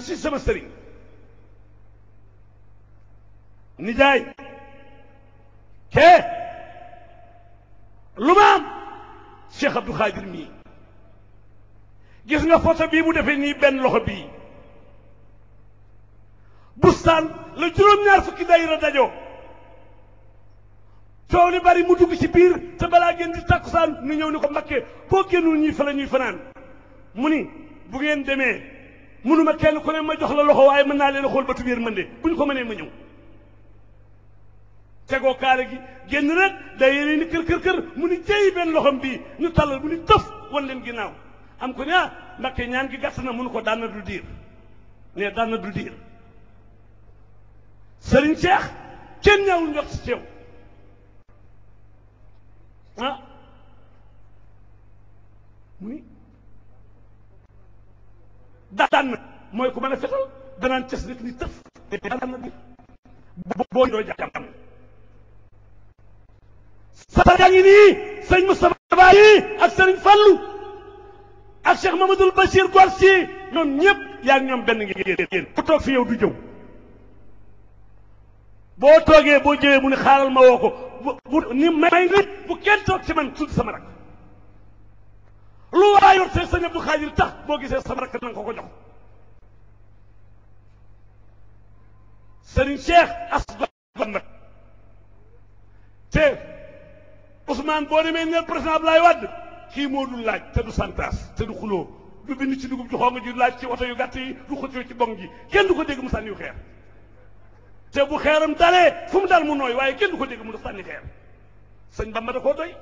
si sama sëriñ nijaay kee lu ma am Cheikh Abdou mii gis nga photo bii bu defee nii benn loxo bii bustaan la juróom-ñaar fukki dayira dajoo coow li bari mu dugg ci biir te balaa ngeen di tàkkusaan nu ñëw ni ko mbakke boo génnul ñii fa ñuy fanaan mu ni bu ngeen demee mënuma kenn ku ne ma jox la loxo waaye mën naa leen a xool ba tubiir mën de bu ñu ko mënee ma ñëw tegoo kaala gi génn rek day yéene ni kër kër kër mu ni jëy benn loxom bii ñu tallal mu ni tëf wan leen ginnaaw am ko ne a ah, mbakke ñaan gi gàtt na mënu ko daan na du diir ne daan na du diir sëriñ Seex kenn ñaawul njot si teew daan mooy ku mën a fetal danaan cës rek ni tëf daan na boo doo jàmm saraga ngi nii sëñ Moustapha yi ak sëriñ Fallou ak Cheikh Mamadou Bachir Gorsi ñoom ñëpp yaa ngi ñoom benn ngi yéen ku toog fi yow du jëw boo toogee boo jëwee mu ne xaaral ma woo ko bu ni may nga bu kenn toog ci man tudd sama rak lu waayoon see sëñ Abdou Khadir tax boo gisee sama rakk ko ko jox sëriñ Cheikh Asbab nag te Ousmane boo demee ne président laay Wade kii moo du laaj te du santaas te du xuloo du bind ci dugub ju xonq ju laaj ci woto yu gàtt yi du xëccoo ci bong ji kenn du ko dégg mu sànni xeer te bu xeeram dalee fu mu dal mu nooy waaye kenn du ko dégg mu sànni xeer sëñ Bamba da koo doy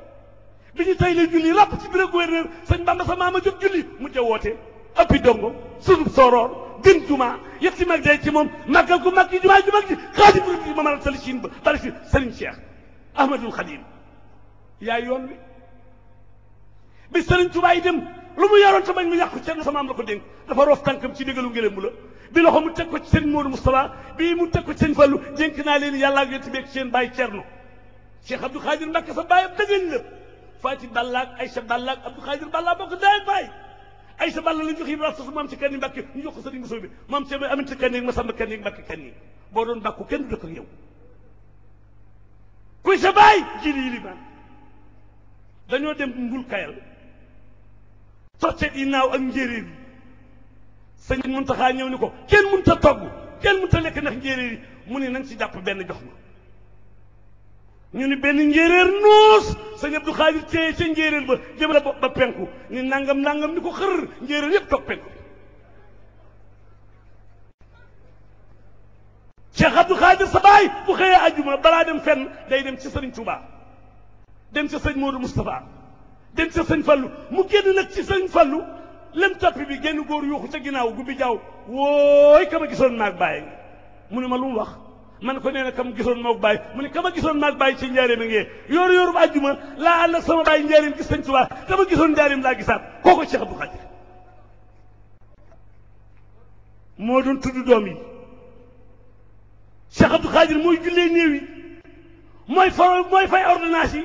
bi ñu tay la julli ràpp ci bureau gouverneur sëñ Bamba sa maama jóg julli mu ja woote ëppi dongo sunub soroor gën jumaa yëg si mag day ci moom màggal ko mag ji jumaa ju mag ji xaaji bu ma mala sali siin ba bari si sëriñ Cheikh Ahmadul Xadim yaay yoon wi bi sëriñ Tuubaa yi dem lu mu yoroon te bañ mu la ko dénk dafa roof tànkam ci déggalu ngelaw mu la bi loxo mu teg ko ci seen Moodu Moustapha bii mu teg ko ci seen Fallu dénk naa leen yàlla ak yonent bi ak seen bàyyi Cerno Cheikh Abdou Khadir Mbacké faa Balla ak Aysa Balla ak Abdou Khadir Balla bokk ndey ak baay Aysa Balla lañ jox si kenn yi Mbàkke ñu jox ko Sëriñ Bousso bi maam Cheikh Aminta kenn yi Masamba kenn yi Mbàkke kenn yi boo doon bàkku kenn du dëkk ak yow kuy sa baay jili yi limaan dañoo dem mbul kayal tocce i naaw ak njéeréer yi sëñ Muntaxa ñëw ni ko kenn mënut a togg kenn mënut lekk ndax yi mu ne nañ si jàpp benn jox ma ñu ni benn njéeréer nuus sëñ Abdou Xaadir téye ca njéeréer ba jëmale ba ba penku ni nangam nangam ni ko xër njéeréer yëpp toog penku Cheikh Abdou Xaadir sa baay bu xëyee ajjuma balaa dem fenn day dem ci sëriñ Touba dem ca sëñ Modou Moustapha dem ca sëñ Fallu mu génn nag ci sëñ Fallu lem toppi bi génn góor yuuxu ca ginnaaw gubbi jaww wooy kama gisoon naag bàyyi mu ne ma lu wax man ko nee na kam gisoon moog bàyyi mu ne kama gisoon maag bàyyi ci njaareem a ngee yooru yooru bu àjjuma laa ànd ak sama bàyyi njaareem gis sëñ Tuubaa kama gisoon njaareem laa gisaat kooko Cheikh Abdou Khadir doon tudd doom yi Cheikh Abdou Khadir mooy jullee néew yi mooy fa mooy fay ordonnance yi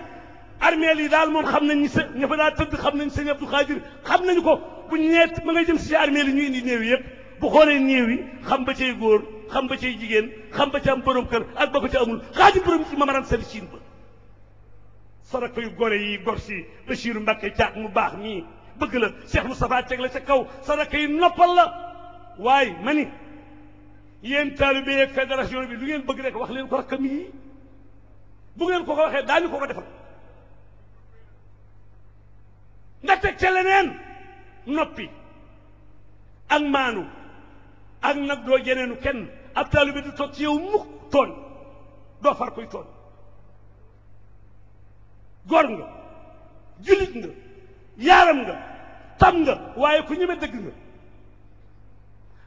armeel yi daal moom xam nañ sa ña fa daa tëdd xam nañ sëñ Abdou Khadir xam nañu ko bu ñeet ma ngay jëm si armeel yi ñu indi néew yi yëpp bu xoolee néew yi xam ba cay góor xam ba cay jigéen xam ba ca am borom kër ak ba ko ca amul xaaju borom ci mamaran sali siin ba saraka yu gore yi gor si Bachir Mbacke caat mu baax mii bëgg la Cheikh Moustapha teg la ca kaw saraka yi noppal la waaye ma ni yéen taalibe yeeg fédération bi lu ngeen bëgg rek wax leen ko rakkam yi bu ngeen ko ko waxee daañu ko ko defal nga teg ca leneen noppi ak maanu ak nag doo jeneenu kenn ab taalibe du toog ci yow mukk tooñ doo far tooñ góor nga jullit nga yaaram nga tam nga waaye ku ñeme dëgg nga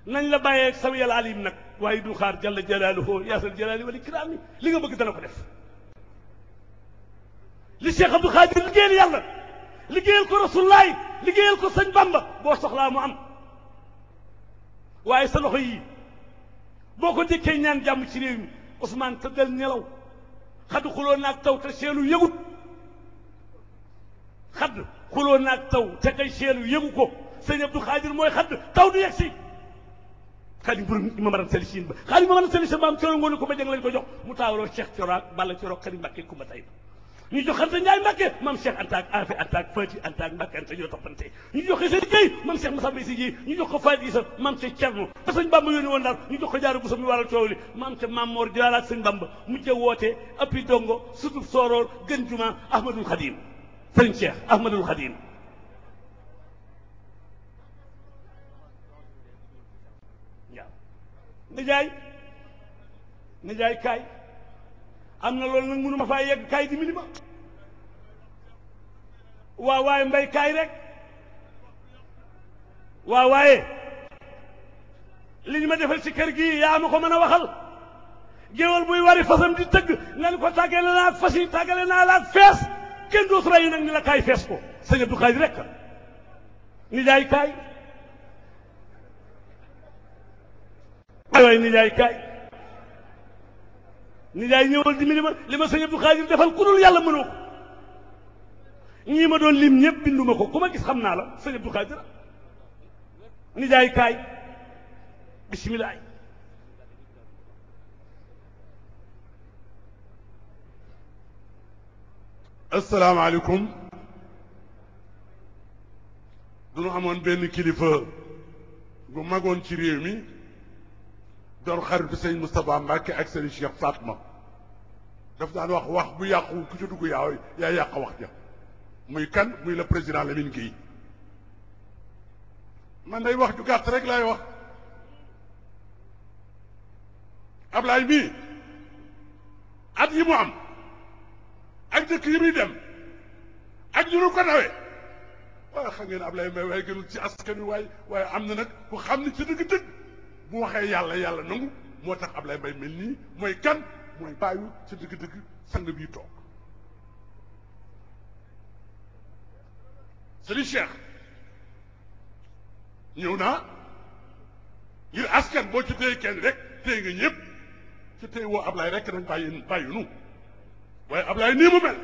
nañ la bàyyee alim nag waaye du xaar jalla jalaaluhu jalaali wal ikraami li nga bëgg dana ko def li Cheikh Abdou Khadir liggéeyal yàlla liggéeyal ko rasulullaay liggéeyal ko sëñ Bamba boo soxlaa mu am waaye sa loxo yii boo ko njëkkee ñaan jàmm ci réew mi Ousmane tëddal nelaw xadd xuloo naag taw te seelu yëgut xadd xuloo naag taw te kay seelu yëgu ko sëñ Abdou Xaadir mooy xadd taw du yegsi xaadi mburu ma maran ba xaadi ma maran seli sa maam coro ngoon ko ba jëng lañ ko jox mu taawloo Cheikh Coro ak Balla Coro xadim Mbàkke kumba tay ba ñu joxante Njaay Mbàkke maam Cheikh Anta ak Afi Anta ak Fati Anta ak Mbàkke Anta ñoo toppante ñu joxe seen jëy maam Cheikh Moussa Mbay si ji ñu jox ko Faati Isa maam Cheikh Cerno te sëñ Bamba yónni woon daal ñu jox ko jaaru Buso mi waral coow li maam Cheikh Maam Moor Jaara ak sëñ Bamba mujje woote appi dongo sutub sooroor gën juma Ahmadul Xadim sëñ Cheikh Ahmadul Xadim waaw nijaay nijaay kaay am na loolu nag mënu ma faa yegg kaay dimbali ma waaw waaye mbay kaay rek waaw waaye li ñu ma defal ci kër gi yaa ko mën a waxal géwal buy wari fasam di tëgg nga ni ko tàggale naa ak fas yi tàggale naa la ak fees kenn dootu rayu nag ni la kaay fees ko sëñ Abdou Khadre rek nijaay kaay waay nijaay kaay ni daay ñëwal dimbali ma li ma sëñ Abdou Khadir defal ku dul yàlla mënoo ko ñii ma doon lim ñëpp binduma ko ku ma gis xam naa la sëñ Abdou Khadir ni daay kaay bisimilah. asalaamaaleykum du nu amoon benn kilifa bu magoon ci réew mi. doon xaritu sëñ Moustapha Mbacke ak sëñ Cheikh Fatma daf daan wax wax bu yàqu ku ci dugg yaa yaa yàq wax ja muy kan muy la président Lamine Guèye man day wax ju gàtt rek laay wax Ablaye mii at yi mu am ak dëkk yi muy dem ak ñu nu ko nawee waaye xam ngeen Ablaye may waaye gënul ci askan wi waaye waaye am na nag ku xam ne ci dëgg-dëgg bu waxee yàlla yàlla nangu moo tax ablay bay mel nii mooy kan mooy bàyyu sa dëgg-dëgg sang bii toog Serigne Cheikh ñëw naa ngir askan boo ci téye kenn rek téye nga ñëpp ci téye woo Ablaye rek nañ bàyyi bàyyi nu waaye Ablaye nii mu mel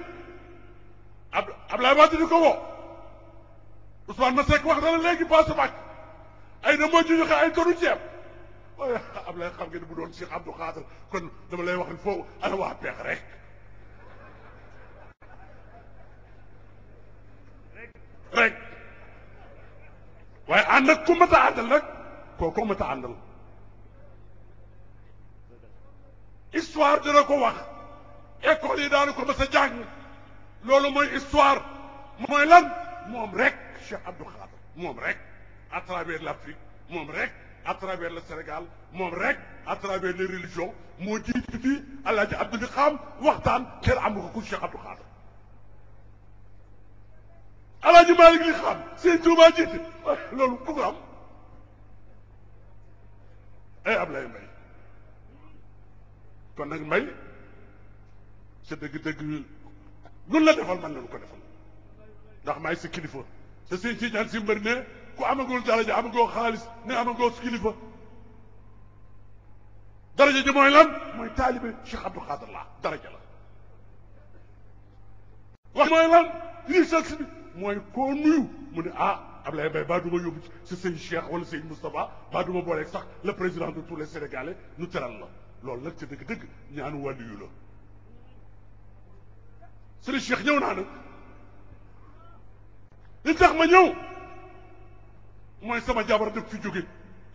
ab Ablaye Wade di ko woo Ousmane Masseck wax na la léegi ba ay na moo ci ay tonu ceeb am lay xam ngeen bu doon Cheikh Abdou Khadre kon dama lay wax ni foofu ana waa peex rek rek waaye ànd ak ku mata àndal nag kooku mata àndal histoire dina ko wax école yi daanu ko mës a jàng loolu mooy histoire mooy lan moom rek Cheikh Abdou Khadre moom rek à travers l'Afrique moom rek à travers le Sénégal moom rek à travers les religions moo jiitu fii Alaaji Abdou Xam waxtaan kenn amu ko ku Cheikh Abdou Khadre Alaaji Malick li xam seen Tuubaa jiite ah, loolu ku ko am ay eh, Ablaye Mbaye kon nag Mbaye sa dëgg-dëgg lu la defal man na ko defal ndax maay sa kilifa te seen si si mbër ne ko amagul daraja amagoo xaalis ne amagoo kilifa daraja ji mooy lan mooy taalibe Cheikh Abdou Khadre la daraja la wax mooy nuyu mu ne ah Ablaye Mbaye baa duma yóbbu si sëñ Cheikh wala sëñ Moustapha baa duma booleeg sax le président de tous les Sénégalais nu teral la loolu nag ci dëgg-dëgg ñaanu wàlliyu la sëñ Cheikh ñëw naa nag li tax ma ñëw mooy sama jabar def fi jóge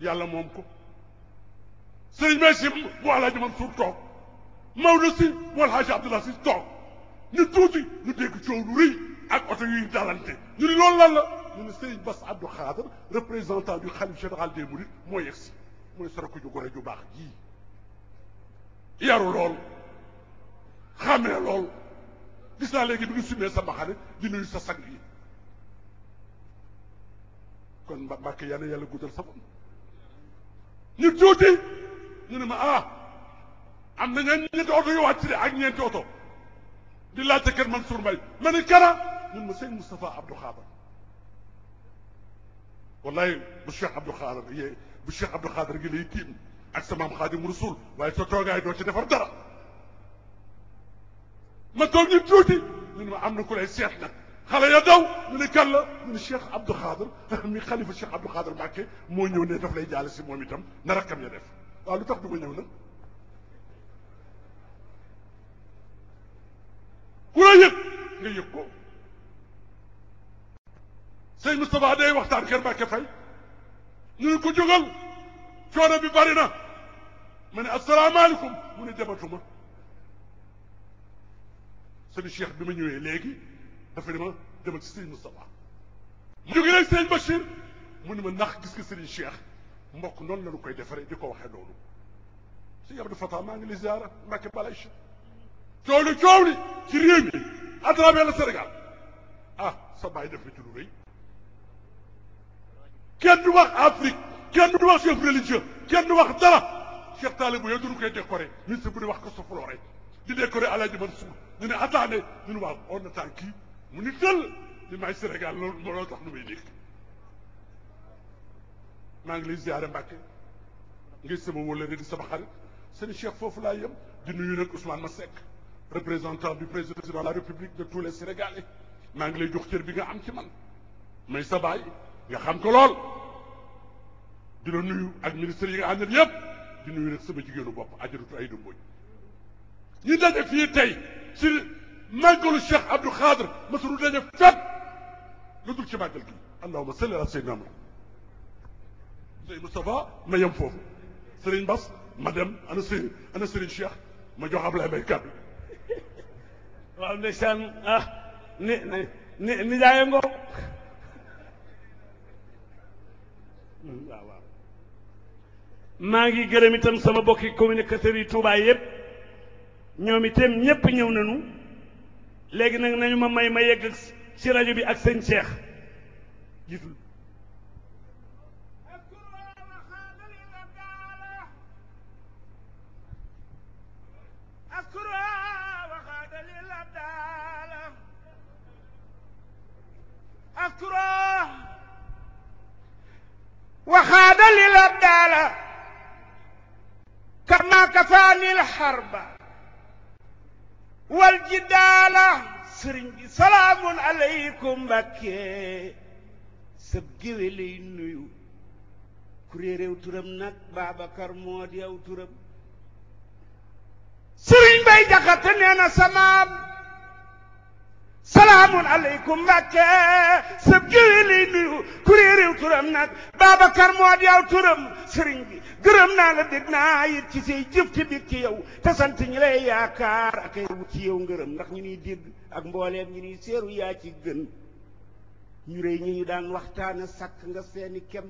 yàlla moom ko sëriñ may si bu alaaji Mansuur toog Maodo si bu alaaji Abdullah si toog ñu tuuti ñu dégg coow lu rëy ak oto yuy dalante ñu ni loolu lan la ñu ne sëriñ Bass Abdou Khadre représentant du xalif général des mourides moo yegg si mooy sarako ju gore ju baax jii yaru lool xàmmee lool gis naa léegi bi nga sumee sa mbaxane di nuyu sa sang kon Mbàkke yal na yàlla guddal sa fan tuuti ñu ne ma ah am na ñeen ñeenti oto yu wàcc de ak ñeenti oto di laajte kër Mansour Mbaye ma ne kana ñun ma sëñ Moustapha Abdou Xaadar wallahi bu Cheikh Abdou Xaadar yee bu Cheikh Abdou Xaadar gi lay tiim ak sa maam Xaadim Rasul waaye sa toogaay doo ci defar dara ma toog ñu tuuti ñu ne ma am na ku lay seet xale ya daw ñu ne kan la ñu ne Cheikh Abdou Khader mi moo ñëw daf lay jaale si moom itam na rakkam ya def waaw lu tax du ma ñëw nag ku la yëg nga yëg ko day waxtaan kër Mbacke fay ñu ngi ko jógal coono bi bari na ma ne asalaamaaleykum mu ne dematuma sëñ Cheikh bi mu ñëwee léegi dafa ne ma demal ci Serigne Moustapha mu jógee ma ndax gis nga Serigne Cheikh mbokk noonu la ñu koy defaree di ko waxee noonu Serigne Abdou Fatah maa ngi lay ziara Mbacke Balaye coow li coow li ci réew mi à travers le Sénégal ah sa bàyyi def na ci lu rëy kenn du wax Afrique kenn du wax chef religieux kenn du wax dara Cheikh Talibou yow duñu di wax ko sa ne attendez ñu ne waaw on attend kii mu ni tël ni maay Sénégal loolu looloo tax nu may dégg maa ngi lay ziare Mbàkke ngir sama wóllëre di sama xarit seen Cheikh foofu laa yem di nuyu nag Ousmane Masseck représentant du président de la République de tous les Sénégalais maa ngi lay jox cër bi nga am ci man may sa baay nga xam ko lool di la nuyu ak ministre yi nga àndal yëpp di nuyu nag sama jigéenu bopp ajaratu ay du mboñ ñu daje fii tey ci màggalu Cheikh Abdou Khadre mësul daje fépp lu dul ci màggal gi allahuma salli ala sayyidina Muhammad sëriñ Moustapha ma yem foofu sëriñ Bass ma dem ana sëriñ ana ma jox Ablaye Mbaye kàddu ah, maa ngi gërëm itam sama bokki communicateurs yi Touba yëpp ñoom itam ñëpp ñëw nañu léegi nag nañu ma may ma yegg ci rajo bi ak sëñ Cheikh gisul waxaada lil abdaala kama kafaani alxarba wal jidaala sëriñ bi salaamun aleykum mbakke sëb géwe lay nuyu ku réeréew turam nag Babacar moo turam sëriñ bay jaxate samaam salaamun aleykum Mbàkke sëb jiwi lay nuyu kurée réew turam nag Babacar moo di yaw turam sëriñ bi gërëm naa la dégg naa it ci say jëf ci biir ci yow te sant ñi lay yaakaar ak ay wut ci yow ngërëm ndax ñu nuy dégg ak mbooleem ñu nuy seeru yaa ci gën ñu rëy ñu ñu daan waxtaane sàkk nga seeni kem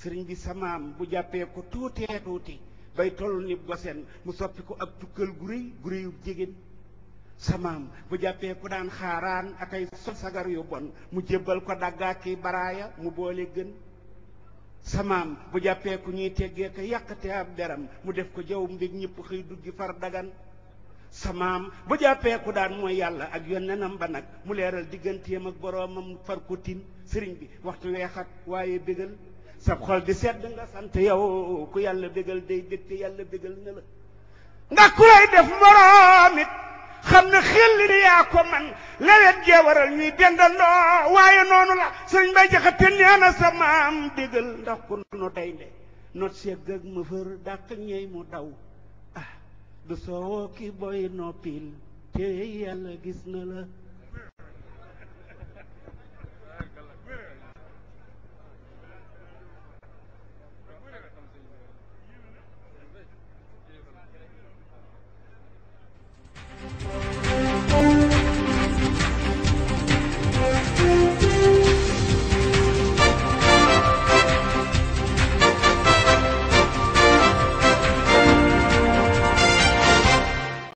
sëriñ bi sa maam bu jàppee ko tuutee tuuti bay toll ni gosen mu soppi ko ak tukkal gu rëy gu jigéen samaam bu jàppee ku daan xaaraan ak ay sagar yu bon mu jébbal ko daggaaki baraaya mu boole gën samaam bu jàppee ku ñuy teggee ko yàqate ab deram mu def ko jaww mbig ñëpp xëy duggi far dagan samaam bu jàppee ku daan mooy yàlla ak yonnenam ba nag mu leeral digganteem ak boroomam far ko tin sëriñ bi waxtu weexat waaye bégal sab xol di sedd nga sant yow ku yàlla bégal day bégte yàlla bégal na la nga ku def moroom xam ne xel li yaa ko man lawet gee waral ñuy dendandoo waaye noonu la sëñ bay jaxate nee na sa maam déggal ndax ku nu gaynde not segg ak ma fër dàq mu daw ah du soowoo ki boy noppil te yàlla gis na la